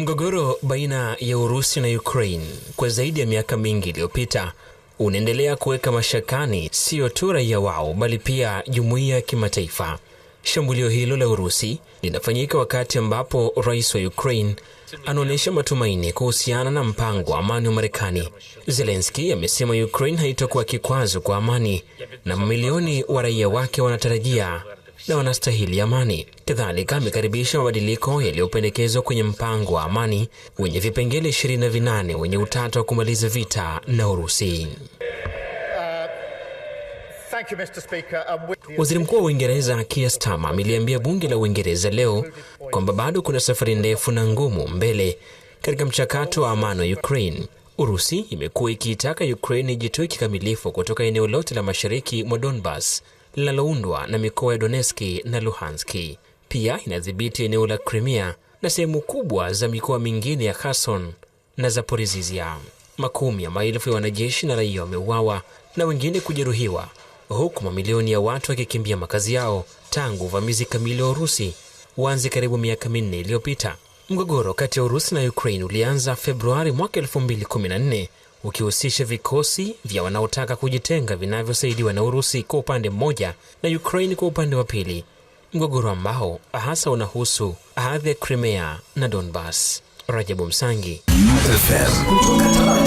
Mgogoro baina ya Urusi na Ukraine kwa zaidi ya miaka mingi iliyopita unaendelea kuweka mashakani siyo tu raia wao bali pia jumuiya ya kimataifa. Shambulio hilo la Urusi linafanyika wakati ambapo rais wa Ukraine anaonyesha matumaini kuhusiana na mpango wa amani wa Marekani. Zelenski amesema Ukraine haitokuwa kikwazo kwa amani na mamilioni wa raia wake wanatarajia na wanastahili amani. Kadhalika amekaribisha mabadiliko yaliyopendekezwa kwenye mpango wa amani wenye vipengele ishirini na vinane wenye utata wa kumaliza vita na Urusi. Waziri Mkuu wa Uingereza Keir Starmer ameliambia bunge la Uingereza leo kwamba bado kuna safari ndefu na ngumu mbele katika mchakato wa amani wa Ukraine. Urusi imekuwa ikiitaka Ukraine ijitoe kikamilifu kutoka eneo lote la mashariki mwa Donbas linaloundwa na mikoa ya Donetski na Luhanski. Pia inadhibiti eneo la Crimea na sehemu kubwa za mikoa mingine ya Kherson na Zaporizhia. Makumi ya maelfu ya wanajeshi na raia wameuawa na wengine kujeruhiwa, huku mamilioni ya watu wakikimbia makazi yao tangu uvamizi kamili wa Urusi uanze karibu miaka minne iliyopita. Mgogoro kati ya Urusi na Ukraine ulianza Februari mwaka 2014 ukihusisha vikosi vya wanaotaka kujitenga vinavyosaidiwa na Urusi kwa upande mmoja na Ukraine kwa upande wa pili, mgogoro ambao hasa unahusu hadhi ya Crimea na Donbas. Rajabu Msangi FM.